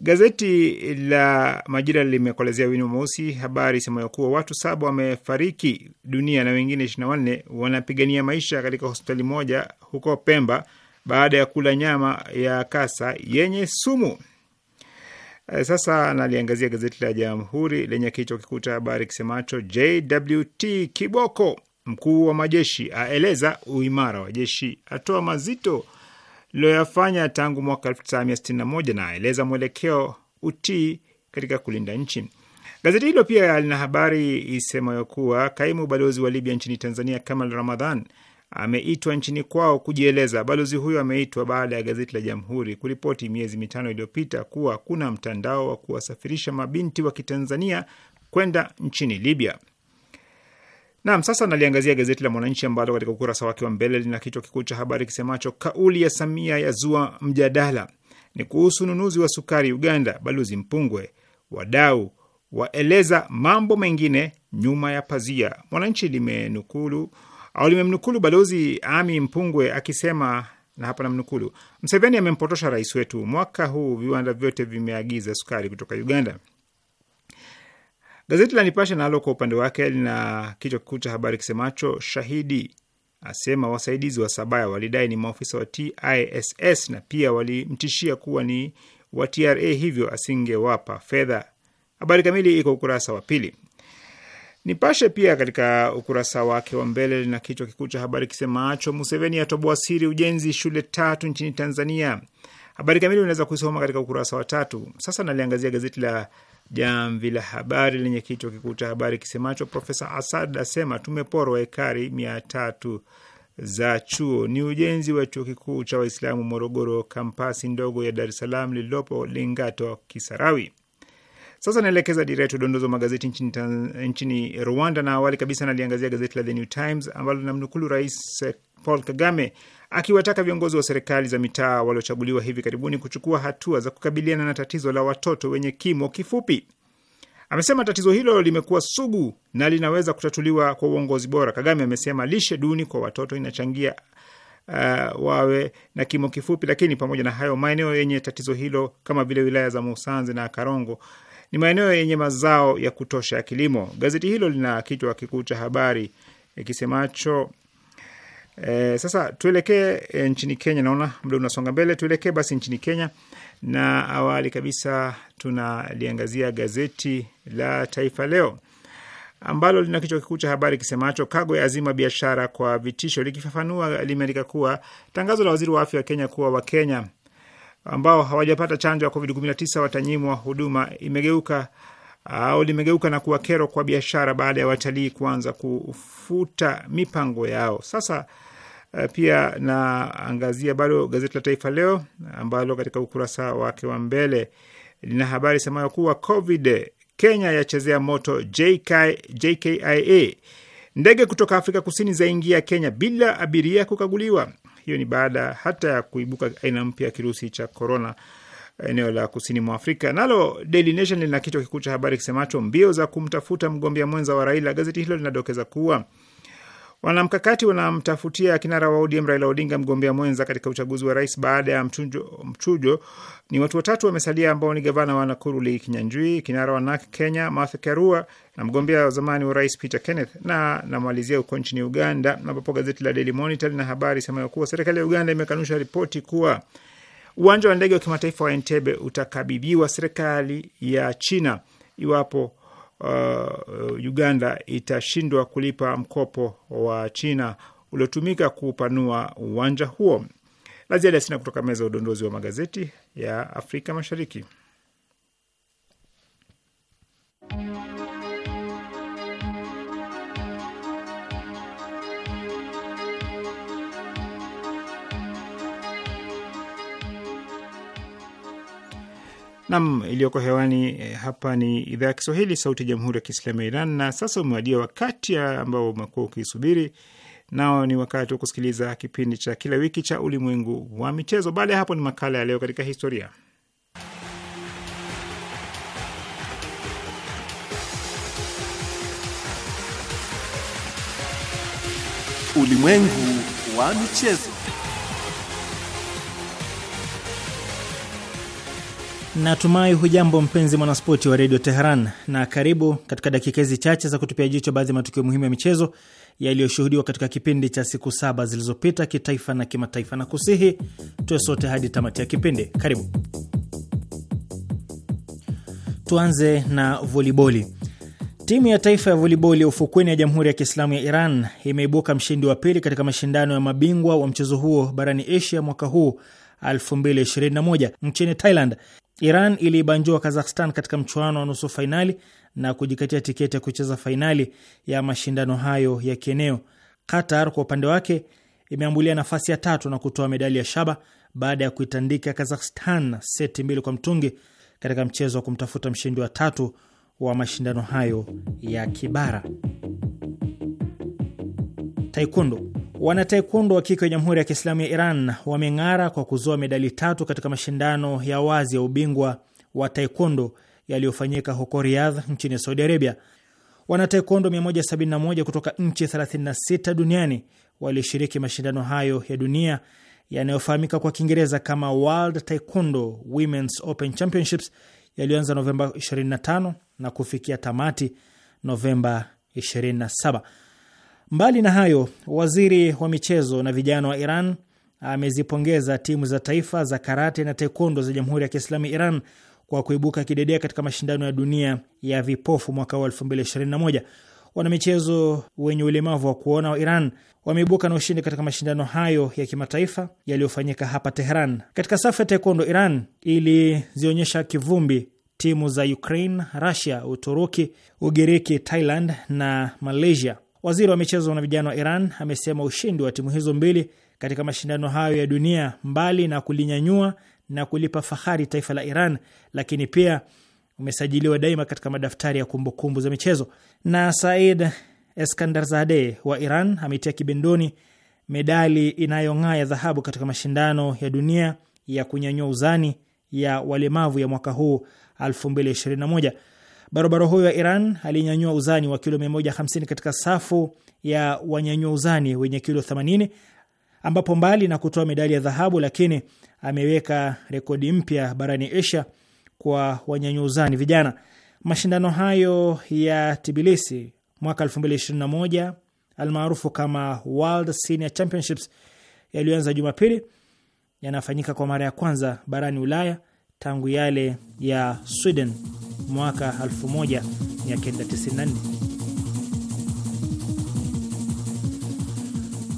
[SPEAKER 2] Gazeti la Majira limekolezea wino mweusi habari semayo kuwa watu saba wamefariki dunia na wengine 24 wanapigania maisha katika hospitali moja huko Pemba baada ya kula nyama ya kasa yenye sumu. Eh, sasa naliangazia gazeti la Jamhuri lenye kichwa kikuu cha habari kisemacho JWT Kiboko, mkuu wa majeshi aeleza uimara wa jeshi, atoa mazito liloyafanya tangu mwaka 1961 na aeleza mwelekeo utii katika kulinda nchi. Gazeti hilo pia lina habari isemayo kuwa kaimu balozi wa Libya nchini Tanzania Kamal Ramadhan ameitwa nchini kwao kujieleza. Balozi huyo ameitwa baada ya gazeti la Jamhuri kuripoti miezi mitano iliyopita kuwa kuna mtandao wa kuwasafirisha mabinti wa Kitanzania kwenda nchini Libya. Naam, sasa naliangazia gazeti la Mwananchi ambalo katika ukurasa wake wa mbele lina kichwa kikuu cha habari kisemacho kauli ya Samia ya zua mjadala, ni kuhusu ununuzi wa sukari Uganda. Balozi Mpungwe, wadau waeleza mambo mengine nyuma ya pazia. Mwananchi limenukulu au limemnukulu Balozi Ami Mpungwe akisema na hapa namnukulu, Mseveni amempotosha rais wetu, mwaka huu viwanda vyote vimeagiza sukari kutoka Uganda. Gazeti la Nipashe nalo kwa upande wake lina kichwa kikuu cha habari kisemacho shahidi asema wasaidizi wa Sabaya walidai ni maofisa wa TISS na pia walimtishia kuwa ni wa TRA hivyo asingewapa fedha. Habari kamili iko ukurasa wa pili. Nipashe pia katika ukurasa wake wa mbele lina kichwa kikuu cha habari kisemacho Museveni atoboa siri ujenzi shule tatu nchini Tanzania. Habari kamili unaweza kuisoma katika ukurasa wa tatu. Sasa naliangazia gazeti la jamvi la habari lenye kichwa kikuu cha habari kisemacho Profesa Asad asema tumeporwa hekari mia tatu za chuo. Ni ujenzi wa chuo kikuu cha Waislamu Morogoro, kampasi ndogo ya Dar es Salaam lililopo Lingato Kisarawi. Sasa naelekeza dira yetu dondozo magazeti nchini, nchini Rwanda, na awali kabisa naliangazia gazeti la The New Times ambalo linamnukulu Rais Paul Kagame akiwataka viongozi wa serikali za mitaa waliochaguliwa hivi karibuni kuchukua hatua za kukabiliana na tatizo la watoto wenye kimo kifupi. Amesema tatizo hilo limekuwa sugu na linaweza kutatuliwa kwa uongozi bora. Kagame amesema lishe duni kwa watoto inachangia uh, wawe na kimo kifupi, lakini pamoja na hayo, maeneo yenye tatizo hilo kama vile wilaya za Musanze na Karongo ni maeneo yenye mazao ya kutosha ya kilimo. Gazeti hilo lina kichwa kikuu cha habari eh, kisemacho E, sasa tuelekee e, nchini Kenya. Naona muda unasonga mbele, tuelekee basi nchini Kenya, na awali kabisa tunaliangazia gazeti la Taifa Leo ambalo lina kichwa kikuu cha habari kisemacho Kagwe azima biashara kwa vitisho. Likifafanua, limeandika kuwa tangazo la waziri wa afya wa Kenya kuwa Wakenya ambao hawajapata chanjo ya covid-19 watanyimwa huduma imegeuka au limegeuka na kuwa kero kwa biashara baada ya watalii kuanza kufuta mipango yao. Sasa Eh, pia naangazia bado gazeti la Taifa Leo ambalo katika ukurasa wake wa mbele lina habari semayo kuwa Covid Kenya yachezea moto JK, JKIA. Ndege kutoka Afrika Kusini zaingia Kenya bila abiria kukaguliwa. Hiyo ni baada hata ya kuibuka aina mpya ya kirusi cha korona eneo la kusini mwa Afrika. Nalo Daily Nation lina kichwa kikuu cha habari kisemacho mbio za kumtafuta mgombea mwenza wa Raila. Gazeti hilo linadokeza kuwa Wanamkakati wanamtafutia kinara wa ODM Raila Odinga mgombea mwenza katika uchaguzi wa rais baada ya mchujo, mchujo. Ni watu watatu wamesalia ambao ni gavana wa Nakuru Lee Kinyanjui, kinara wa NAK Kenya Martha Karua na mgombea wa zamani wa rais Peter Kenneth. Na namalizia huko nchini Uganda ambapo gazeti la Daily Monitor lina habari semayo kuwa serikali ya Uganda imekanusha ripoti kuwa uwanja wa ndege wa kimataifa wa Entebbe utakabibiwa serikali ya China iwapo uh, Uganda itashindwa kulipa mkopo wa China uliotumika kupanua uwanja huo. La ziada sina kutoka meza ya udondozi wa magazeti ya Afrika Mashariki. Nam iliyoko hewani eh, hapa ni idhaa ya Kiswahili, sauti ya jamhuri ya kiislamu ya Iran. Na sasa umewadia wakati ambao umekuwa ukiisubiri, nao ni wakati wa kusikiliza kipindi cha kila wiki cha ulimwengu wa michezo. Baada ya hapo ni makala ya leo katika historia.
[SPEAKER 4] Ulimwengu wa michezo.
[SPEAKER 3] Natumai hujambo mpenzi mwanaspoti wa redio Teheran na karibu katika dakika hizi chache za kutupia jicho baadhi ya matukio muhimu ya michezo yaliyoshuhudiwa katika kipindi cha siku saba zilizopita kitaifa na kimataifa, na kusihi tuwe sote hadi tamati ya kipindi. Karibu. Tuanze na voliboli. Timu ya taifa ya voliboli ya ufukweni ya Jamhuri ya Kiislamu ya Iran imeibuka mshindi wa pili katika mashindano ya mabingwa wa mchezo huo barani Asia mwaka huu 2021 nchini Thailand Iran iliibanjua Kazakhstan katika mchuano wa nusu fainali na kujikatia tiketi ya kucheza fainali ya mashindano hayo ya kieneo. Qatar kwa upande wake imeambulia nafasi ya tatu na kutoa medali ya shaba baada ya kuitandika Kazakhstan seti mbili kwa mtungi katika mchezo wa kumtafuta mshindi wa tatu wa mashindano hayo ya kibara. Taekwondo. Wanataekwondo wa kike wa Jamhuri ya Kiislamu ya Iran wameng'ara kwa kuzoa medali tatu katika mashindano ya wazi ya ubingwa wa taekwondo yaliyofanyika huko Riyadh nchini Saudi Arabia. Wanataekwondo 171 kutoka nchi 36 duniani walishiriki mashindano hayo ya dunia yanayofahamika kwa Kiingereza kama World Taekwondo Women's Open Championships yaliyoanza Novemba 25 na kufikia tamati Novemba 27. Mbali na hayo, waziri wa michezo na vijana wa Iran amezipongeza timu za taifa za karate na taekwondo za Jamhuri ya Kiislamu Iran kwa kuibuka kidedea katika mashindano ya dunia ya vipofu mwaka wa 2021. Wanamichezo wenye ulemavu wa kuona wa Iran wameibuka na ushindi katika mashindano hayo ya kimataifa yaliyofanyika hapa Teheran. Katika safu ya taekwondo, Iran ilizionyesha kivumbi timu za Ukraine, Russia, Uturuki, Ugiriki, Thailand na Malaysia Waziri wa michezo na vijana wa Iran amesema ushindi wa timu hizo mbili katika mashindano hayo ya dunia, mbali na kulinyanyua na kulipa fahari taifa la Iran, lakini pia umesajiliwa daima katika madaftari ya kumbukumbu kumbu za michezo. Na Said Eskandarzade wa Iran ametia kibindoni medali inayong'aa ya dhahabu katika mashindano ya dunia ya kunyanyua uzani ya walemavu ya mwaka huu 2021. Barobaro huyo wa Iran alinyanyua uzani wa kilo 150 katika safu ya wanyanyua uzani wenye kilo 80 ambapo mbali na kutoa medali ya dhahabu, lakini ameweka rekodi mpya barani Asia kwa wanyanyua uzani vijana. Mashindano hayo ya Tbilisi mwaka 2021 almaarufu kama World Senior Championships yaliyoanza Jumapili yanafanyika kwa mara ya kwanza barani Ulaya tangu yale ya Sweden mwaka 1994.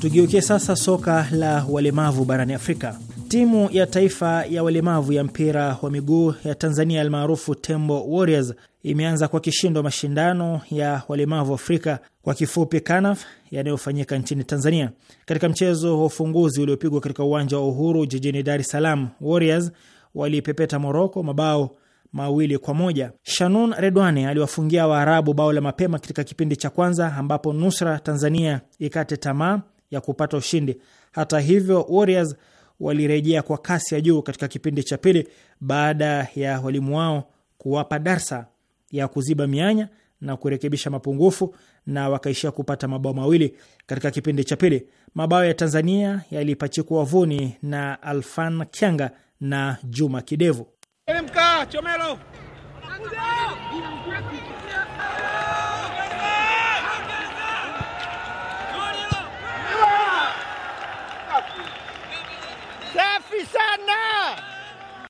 [SPEAKER 3] Tugeukie sasa soka la walemavu barani Afrika. Timu ya taifa ya walemavu ya mpira wa miguu ya Tanzania almaarufu Tembo Warriors imeanza kwa kishindo mashindano ya walemavu Afrika kwa kifupi KANAF yanayofanyika nchini Tanzania. Katika mchezo wa ufunguzi uliopigwa katika uwanja wa Uhuru jijini Dar es Salaam, Warriors walipepeta Moroko mabao mawili kwa moja. Shanun Redwane aliwafungia Waarabu bao la mapema katika kipindi cha kwanza ambapo nusra Tanzania ikate tamaa ya kupata ushindi. Hata hivyo, Warriors walirejea kwa kasi ya juu katika kipindi cha pili baada ya walimu wao kuwapa darsa ya kuziba mianya na kurekebisha mapungufu na wakaishia kupata mabao mawili katika kipindi cha pili. Mabao ya Tanzania yalipachikwa wavuni na Alfan Kyanga na Juma Kidevu.
[SPEAKER 2] Chomelo,
[SPEAKER 1] Safi sana.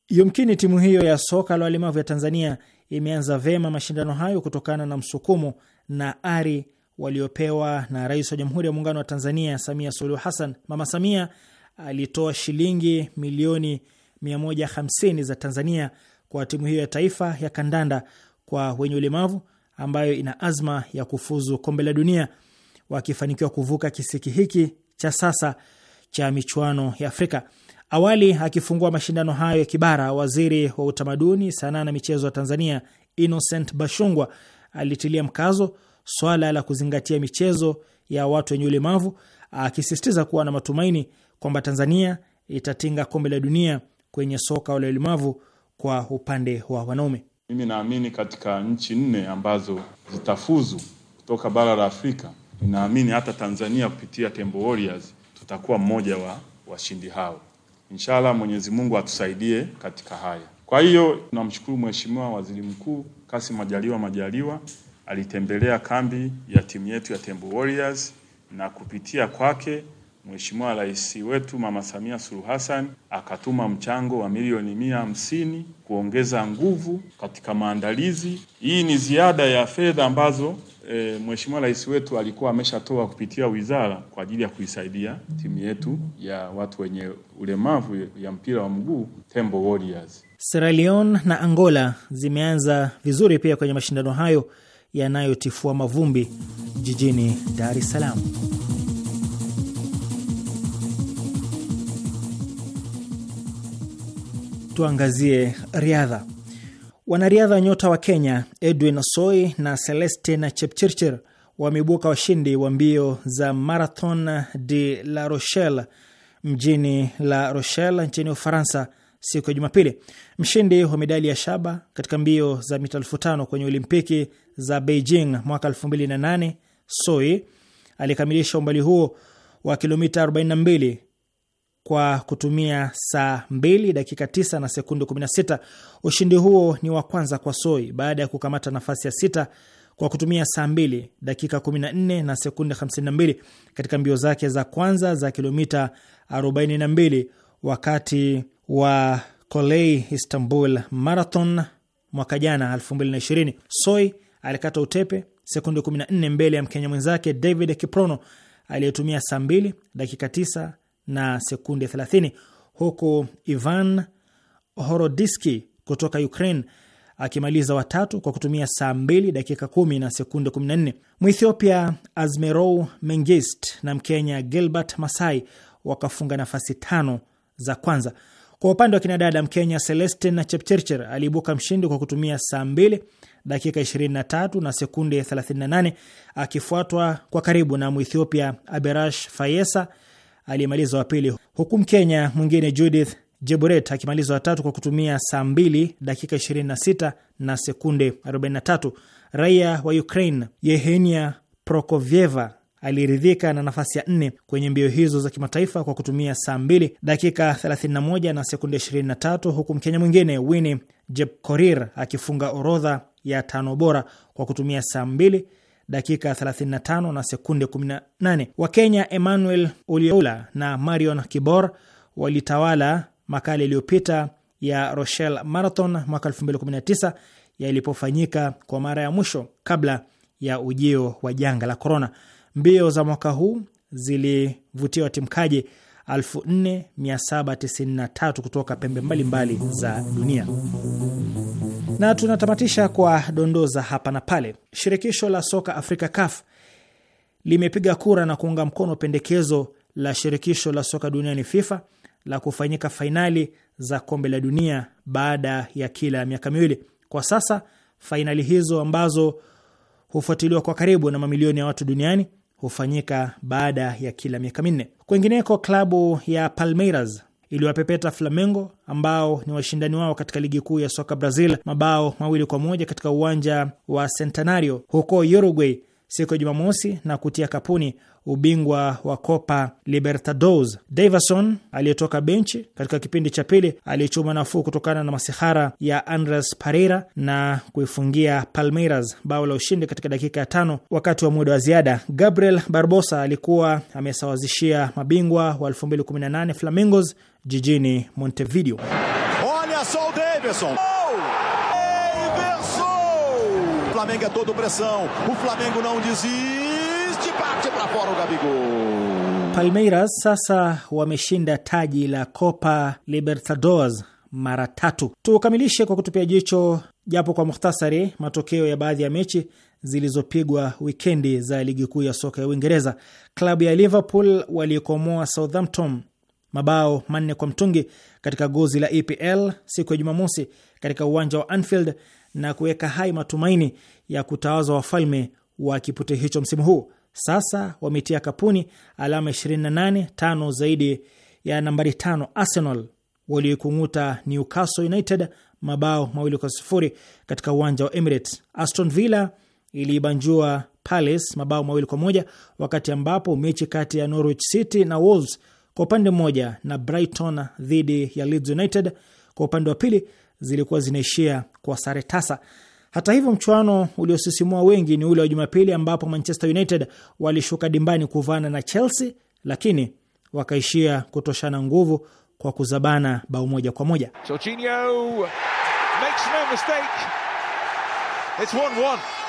[SPEAKER 3] Yumkini timu hiyo ya soka la walemavu ya Tanzania imeanza vema mashindano hayo kutokana na msukumo na ari waliopewa na Rais wa Jamhuri ya Muungano wa Tanzania Samia Suluhu Hassan. Mama Samia alitoa shilingi milioni 150 za Tanzania kwa timu hiyo ya taifa ya kandanda kwa wenye ulemavu ambayo ina azma ya kufuzu kombe la dunia wakifanikiwa kuvuka kisiki hiki cha sasa cha michuano ya Afrika. Awali akifungua mashindano hayo ya kibara, waziri wa utamaduni, sanaa na michezo wa Tanzania Innocent Bashungwa alitilia mkazo swala la kuzingatia michezo ya watu wenye ulemavu, akisisitiza kuwa na matumaini kwamba Tanzania itatinga kombe la dunia kwenye soka la ulemavu kwa upande wa wanaume.
[SPEAKER 2] Mimi naamini katika nchi nne ambazo zitafuzu kutoka bara la Afrika, ninaamini hata Tanzania kupitia Tembo Warriors tutakuwa mmoja wa washindi hao. Inshallah, Mwenyezi Mungu atusaidie katika haya. Kwa hiyo namshukuru Mheshimiwa Waziri Mkuu Kassim Majaliwa Majaliwa alitembelea kambi ya timu yetu ya Tembo Warriors na kupitia kwake Mheshimiwa Rais wetu Mama Samia Suluhu Hassan akatuma mchango wa milioni mia hamsini kuongeza nguvu katika maandalizi. Hii ni ziada ya fedha ambazo e, Mheshimiwa Rais wetu alikuwa ameshatoa kupitia wizara kwa ajili ya kuisaidia timu yetu ya watu wenye ulemavu ya mpira wa mguu Tembo Warriors.
[SPEAKER 3] Sierra Leone na Angola zimeanza vizuri pia kwenye mashindano hayo yanayotifua mavumbi jijini Dar es Salaam. tuangazie riadha. Wanariadha nyota wa Kenya Edwin Soi na Celestin Chepchirchir wameibuka washindi wa mbio za Marathon de la Rochelle mjini La Rochelle nchini Ufaransa siku ya Jumapili. Mshindi wa medali ya shaba katika mbio za mita elfu tano kwenye Olimpiki za Beijing mwaka nane Soi alikamilisha umbali huo wa kilomita 42 kwa kutumia saa 2 dakika 9 na sekunde 16. Ushindi huo ni wa kwanza kwa Soi baada ya kukamata nafasi ya sita kwa kutumia saa 2 dakika 14 na sekunde 52 katika mbio zake za kwanza za kilomita 42 wakati wa Kolei Istanbul Marathon mwaka jana 2020. Soi alikata utepe sekunde 14 mbele ya Mkenya mwenzake David Kiprono aliyetumia saa 2 dakika 9 na sekunde 30 huku Ivan Horodiski kutoka Ukraine akimaliza watatu kwa kutumia saa 2 dakika 10 na sekunde 14. Mwethiopia Azmerou Mengist na Mkenya Gilbert Masai wakafunga nafasi tano za kwanza. Kwa upande wa kinadada, Mkenya Celestin na aliibuka mshindi kwa kutumia saa 2 dakika 23 na sekunde 38, akifuatwa kwa karibu na Mwethiopia Aberash Fayesa aliyemaliza wa pili, huku Mkenya mwingine Judith Jeburet akimaliza watatu kwa kutumia saa 2 dakika 26 na sekunde 43. Raia wa Ukraine Yehenia Prokovyeva aliridhika na nafasi ya nne kwenye mbio hizo za kimataifa kwa kutumia saa 2 dakika 31 na sekunde 23, huku Mkenya mwingine Winnie Jepkorir akifunga orodha ya tano bora kwa kutumia saa 2 dakika 35 na sekunde 18. Wakenya Emmanuel Oliola na Marion Kibor walitawala makala iliyopita ya Rochelle Marathon mwaka 2019 yalipofanyika kwa mara ya mwisho kabla ya ujio wa janga la korona. Mbio za mwaka huu zilivutia watimkaji 4793 kutoka pembe mbalimbali mbali za dunia. Na tunatamatisha kwa dondoza hapa na pale. Shirikisho la soka Afrika CAF limepiga kura na kuunga mkono pendekezo la shirikisho la soka duniani FIFA la kufanyika fainali za kombe la dunia baada ya kila miaka miwili. Kwa sasa fainali hizo ambazo hufuatiliwa kwa karibu na mamilioni ya watu duniani hufanyika baada ya kila miaka minne. Kwingineko, klabu ya Palmeiras iliwapepeta Flamengo ambao ni washindani wao katika ligi kuu ya soka Brazil mabao mawili kwa moja katika uwanja wa Centenario huko Uruguay siku ya Jumamosi na kutia kapuni ubingwa wa Copa Libertadores. Davison aliyetoka benchi katika kipindi cha pili alichuma nafuu kutokana na masihara ya Andres Pereira na kuifungia Palmeiras bao la ushindi katika dakika ya tano wakati wa muda wa ziada. Gabriel Barbosa alikuwa amesawazishia mabingwa wa 2018 Flamingos jijini Montevideo.
[SPEAKER 1] Olha só o Davidson. Flamengo é todo pressão. O Flamengo não desiste, bate para fora o
[SPEAKER 3] Gabigol. Palmeiras sasa wameshinda taji la Copa Libertadores mara tatu. Tukamilishe kwa kutupia jicho japo kwa muhtasari matokeo ya baadhi ya mechi zilizopigwa wikendi za ligi kuu ya soka ya Uingereza. Klabu ya Liverpool walikomoa Southampton mabao manne kwa mtungi katika gozi la EPL siku ya Jumamosi katika uwanja wa Anfield na kuweka hai matumaini ya kutawaza wafalme wa kipute hicho msimu huu. Sasa wametia kapuni alama 28, tano zaidi ya nambari tano Arsenal walioikung'uta Newcastle United mabao mawili kwa sifuri katika uwanja wa Emirates. Aston Villa iliibanjua Palace mabao mawili kwa moja wakati ambapo mechi kati ya Norwich City na Wolves kwa upande mmoja na Brighton dhidi ya Leeds United kwa upande wa pili zilikuwa zinaishia kwa sare tasa. Hata hivyo, mchuano uliosisimua wengi ni ule wa Jumapili ambapo Manchester United walishuka dimbani kuvana na Chelsea, lakini wakaishia kutoshana nguvu kwa kuzabana bao moja kwa moja.
[SPEAKER 1] Jorginho makes no mistake. It's 1-1.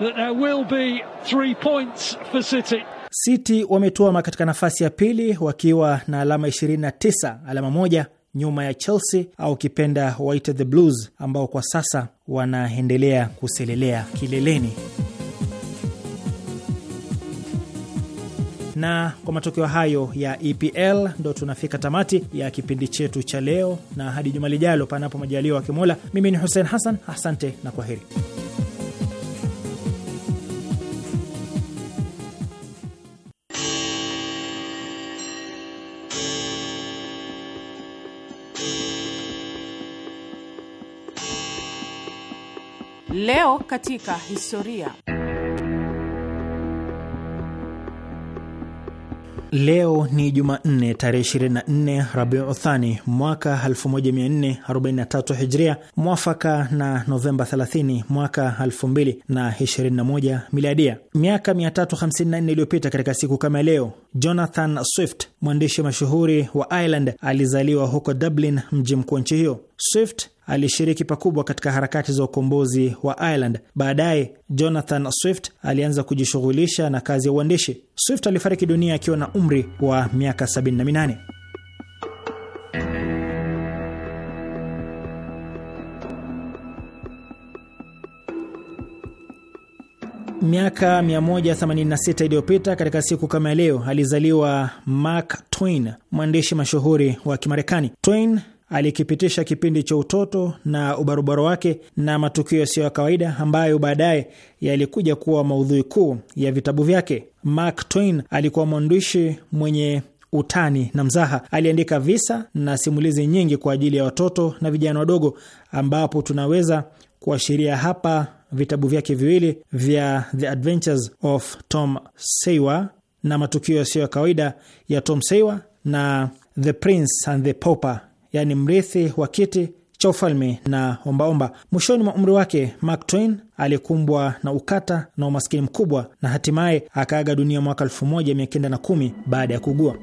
[SPEAKER 1] that there will be three points for City. City
[SPEAKER 3] wametuama katika nafasi ya pili wakiwa na alama 29, alama moja nyuma ya Chelsea au kipenda waite the Blues ambao kwa sasa wanaendelea kuselelea kileleni. na kwa matokeo hayo ya EPL ndo tunafika tamati ya kipindi chetu cha leo, na hadi juma lijalo, panapo majaliwa wa Kimola. Mimi ni Hussein Hassan, asante na kwa heri
[SPEAKER 1] Leo katika historia.
[SPEAKER 3] Leo ni Jumanne tarehe 24 Rabiu uthani mwaka 1443 Hijria, mwafaka na Novemba 30 mwaka 2021 Miladia. Miaka 354 iliyopita katika siku kama ya leo, Jonathan Swift, mwandishi mashuhuri wa Ireland, alizaliwa huko Dublin, mji mkuu wa nchi hiyo. Swift alishiriki pakubwa katika harakati za ukombozi wa Ireland. Baadaye Jonathan Swift alianza kujishughulisha na kazi ya uandishi. Swift alifariki dunia akiwa na umri wa miaka 78. Miaka 186 iliyopita katika siku kama leo alizaliwa Mark Twain, mwandishi mashuhuri wa Kimarekani. Twain alikipitisha kipindi cha utoto na ubarobaro wake na matukio yasiyo ya kawaida ambayo baadaye yalikuja kuwa maudhui kuu ya vitabu vyake. Mark Twain alikuwa mwandishi mwenye utani na mzaha. Aliandika visa na simulizi nyingi kwa ajili ya watoto na vijana wadogo, ambapo tunaweza kuashiria hapa vitabu vyake viwili vya The Adventures of Tom Sawyer na matukio yasiyo ya kawaida ya Tom Sawyer na The Prince and the Pauper yaani mrithi wa kiti cha ufalme na ombaomba. Mwishoni mwa umri wake Mark Twain alikumbwa na ukata na umaskini mkubwa na hatimaye akaaga dunia mwaka 1910 baada ya kuugua.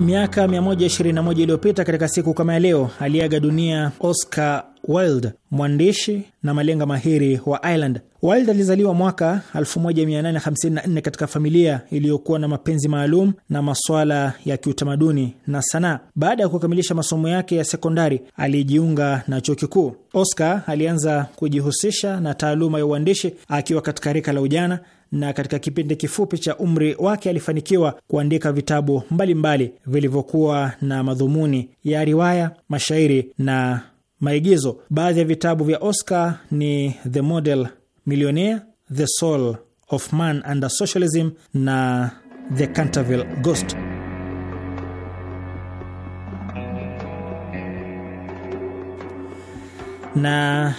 [SPEAKER 3] Miaka 121 iliyopita katika siku kama ya leo aliaga dunia Oscar Wild, mwandishi na malenga mahiri wa Ireland. wild alizaliwa mwaka 1854 katika familia iliyokuwa na mapenzi maalum na masuala ya kiutamaduni na sanaa. Baada ya kukamilisha masomo yake ya sekondari, alijiunga na chuo kikuu. Oscar alianza kujihusisha na taaluma ya uandishi akiwa katika rika la ujana na katika kipindi kifupi cha umri wake alifanikiwa kuandika vitabu mbalimbali vilivyokuwa na madhumuni ya riwaya, mashairi na maigizo. Baadhi ya vitabu vya Oscar ni The Model Millionaire, The Soul of Man Under Socialism na The Canterville Ghost. Na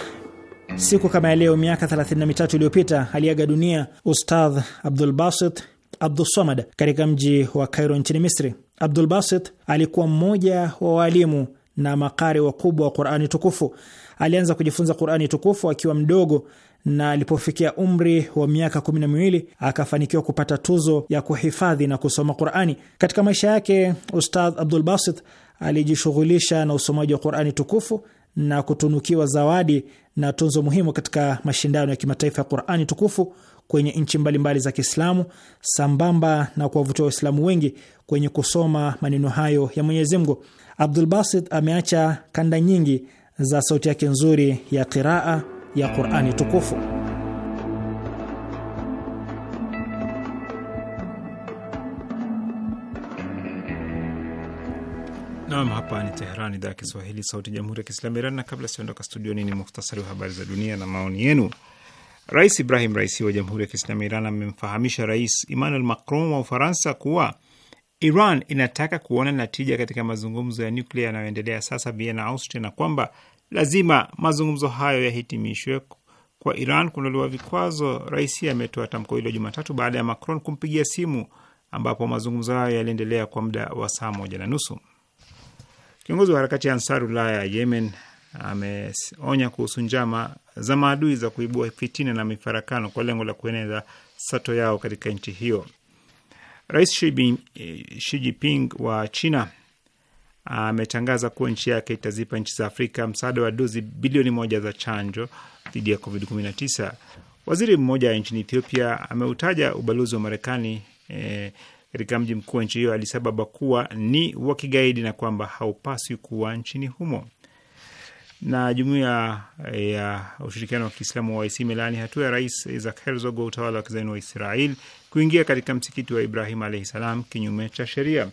[SPEAKER 3] siku kama ya leo miaka 33 iliyopita aliaga dunia Ustadh Abdul Basit Abdul Samad katika mji wa Cairo nchini Misri. Abdul Basit alikuwa mmoja wa waalimu na makari wakubwa wa Qurani tukufu. Alianza kujifunza Qurani tukufu akiwa mdogo na alipofikia umri wa miaka kumi na miwili akafanikiwa kupata tuzo ya kuhifadhi na kusoma Qurani. Katika maisha yake, Ustadh Abdul Basit alijishughulisha na usomaji wa Qurani tukufu na kutunukiwa zawadi na tunzo muhimu katika mashindano ya kimataifa ya Qurani tukufu kwenye nchi mbalimbali za Kiislamu, sambamba na kuwavutia Waislamu wengi kwenye kusoma maneno hayo ya Mwenyezi Mungu. Abdul Basit ameacha kanda nyingi za sauti yake nzuri ya qiraa ya Qurani tukufu.
[SPEAKER 2] Naam, hapa ni teheran idhaa ya Kiswahili, sauti ya jamhuri ya kiislamu Iran. Na kabla siondoka studioni, ni muhtasari wa habari za dunia na maoni yenu. Rais Ibrahim Raisi wa jamhuri ya kiislamu Iran amemfahamisha Rais Emmanuel Macron wa Ufaransa kuwa Iran inataka kuona natija katika mazungumzo ya nyuklia yanayoendelea sasa Vienna, Austria, na kwamba lazima mazungumzo hayo yahitimishwe kwa Iran kuondolewa vikwazo. rais ametoa tamko hilo Jumatatu baada ya Macron kumpigia simu, ambapo mazungumzo hayo yaliendelea kwa muda wa saa moja na nusu. Kiongozi wa harakati ya Ansarullah ya Yemen ameonya kuhusu njama za maadui za kuibua fitina na mifarakano kwa lengo la kueneza sato yao katika nchi hiyo. Rais eh, Xi Jinping wa China ametangaza kuwa nchi yake itazipa nchi za Afrika msaada wa dozi bilioni moja za chanjo dhidi ya COVID-19. Waziri mmoja nchini Ethiopia ameutaja ubalozi wa Marekani e, katika mji mkuu wa nchi hiyo Addis Ababa kuwa ni wa kigaidi na kwamba haupaswi kuwa nchini humo. Na jumuiya eh, ya ushirikiano wa Kiislamu wa OIC imelaani hatua ya Rais Isaac Herzog wa utawala wa kizayuni wa Israel kuingia katika msikiti wa Ibrahim alaihi salam kinyume cha sheria.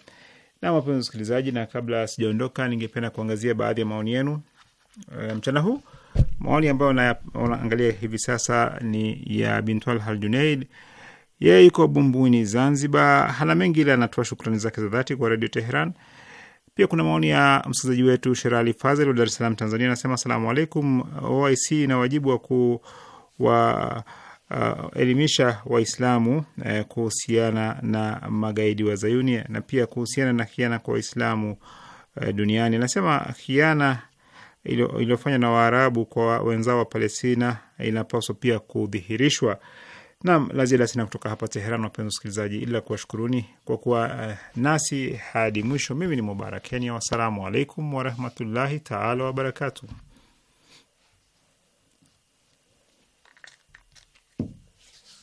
[SPEAKER 2] Na wapenzi wasikilizaji, na kabla sijaondoka, ningependa kuangazia baadhi ya maoni yenu e, mchana huu. Maoni ambayo naangalia hivi sasa ni ya Bintwal Haljuneid, yeye yuko Bumbuni, Zanzibar. Hana mengi ila anatoa shukrani zake za dhati kwa Radio Teheran. Pia kuna maoni ya msikilizaji wetu Sherali Fazel wa Dar es Salaam, Tanzania, anasema asalamu alaikum. OIC ina wajibu wa kuwa Uh, elimisha Waislamu uh, kuhusiana na magaidi wa Zayuni na pia kuhusiana na khiana kwa Waislamu uh, duniani. Anasema khiana iliyofanywa na Waarabu kwa wenzao wa Palestina inapaswa pia kudhihirishwa. Nam lazia sina kutoka hapa Teheran, wapenzi wasikilizaji, ila kuwashukuruni kwa kuwa uh, nasi hadi mwisho. Mimi ni Mubarak Kenya, wassalamu alaikum warahmatullahi taala wabarakatu.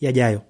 [SPEAKER 3] yajayo.